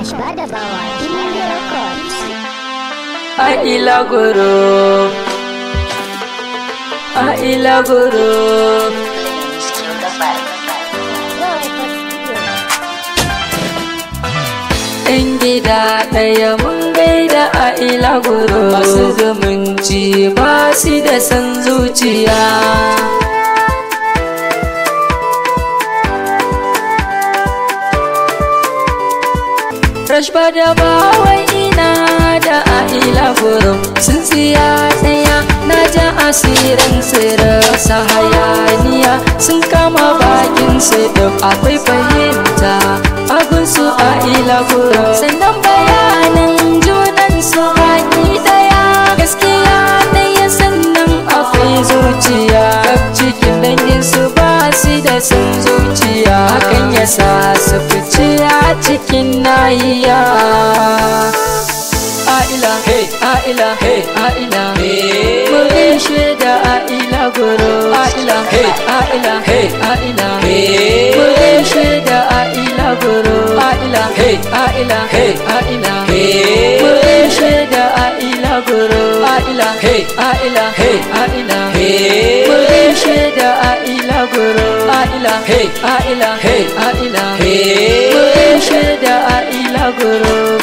Ashba da Bawa Dimili Records. Aila Guru. Aila Guru. Yan gida ɗaya mun gaida a ila guru masu zumunci ba su da san zuciya. Rashba da bawan ina da ila furum sun siya tsaya na ja asirin sirarsa hayaniya sun kama bakin su duk akwai fahimta abin su ila furum sannan bayanin junan su haki daya gaskiya daya sannan akwai zuciya cikin dangin su ba su da sun zuciya hakan hayya Aila hey Aila hey Aila mun gaishe da Aila goro Aila hey Aila hey Aila mun gaishe da Aila goro Aila hey Aila hey Aila mun gaishe da Aila goro Aila hey Aila hey Aila mun gaishe da Aila goro Aila hey Aila hey Aila mun gaishe da Aila group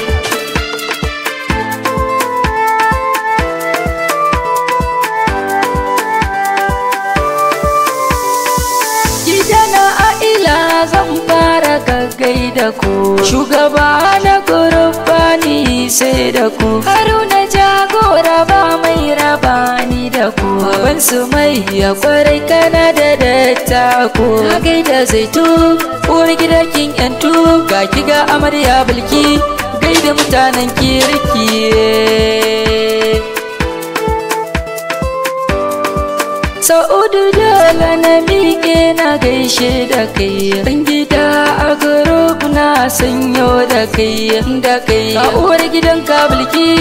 Gidana a ila zan fara gaggai da ku Shugaba na group bani sai da ku Haruna jagora ni raba ni da ku ban su mai ya kwarai kana da datta ko na gaida zaitu uwar gida kin yantu ga kiga amarya bulki da mutanen kirki Sa'udu dole na na gaishe da kai ban gida a gurub na sanyo da kai da kai Ka uwar gidan ka bulki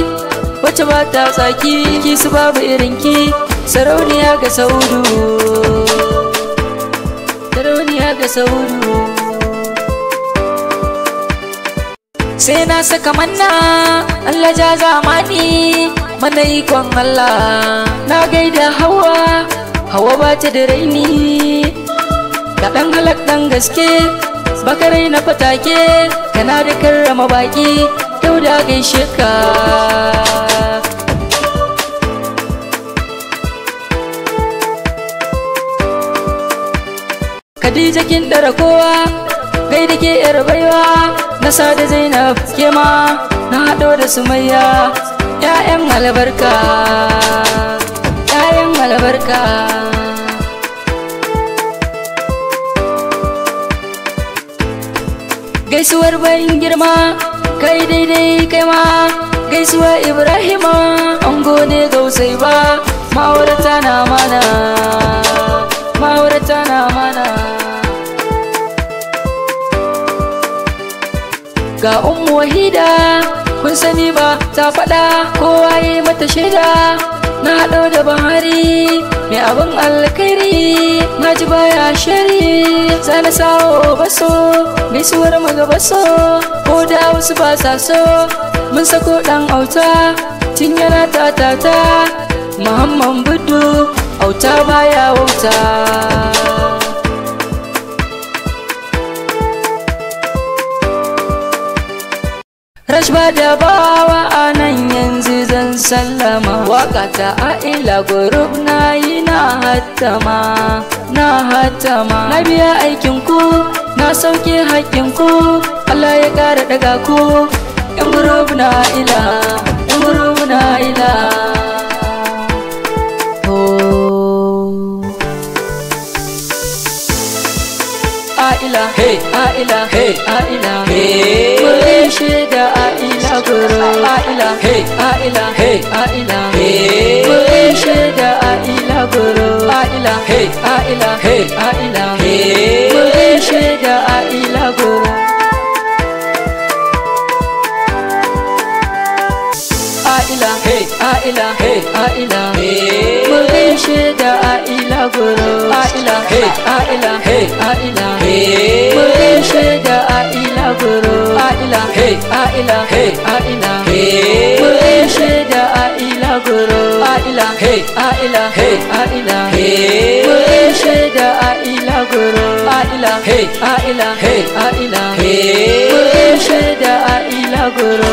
wacce ba ta tsaki ki su babu irin ki sarauniya ga saudu sarauniya ga saudu sai na saka manna Allah ja zamani mana ikon Allah na gaida hawa hawa ba ta da raini da ɗan halak dan gaske bakarai na fatake kana da karrama baki dauda gaishe ka Khadija kin dara kowa gai da ke yar baiwa na sada Zainab ke ma na hado da Sumayya ƴaƴan albarka ƴaƴan albarka gaisuwar bayin girma kai daidai kai ma gaisuwa ibrahima an gode gausai ba ma'aurata na mana ma'aurata na mana ga ummu wahida kun sani ba ta faɗa kowa yi mata shaida na haɗo da bahari mai abin alkhairi na ji baya shari zana sawo baso gaisuwar mu ga baso ko da wasu ba sa so mun sako ɗan auta tun yana ta-ta-ta Muhammad budu auta baya wauta Rashba da bawa sallama wakata a ila gurub na yi na hattama na hattama na biya aikin ku na sauke hakkin ku Allah ya ƙara daga ku in gurub na ila aila hey aila hey aila hey mun shaida aila guru aila hey aila hey aila hey mun shaida aila guru aila hey aila hey aila hey mun shaida aila guru aila Aila hey Aila mu gaishe Hey, Aila goro Aila hey Aila hey Aila mu gaishe Hey, Aila goro Aila hey Aila hey Aila mu gaishe Hey, Aila goro Aila hey Aila hey Aila mu gaishe Hey, Aila goro Aila hey Aila hey Hey, Hey, Hey, Hey, Hey, Hey, Hey, Hey, Hey, Hey, Hey, Hey, Hey, Hey, Hey, Hey, Hey, Aila mu Hey, da Aila goro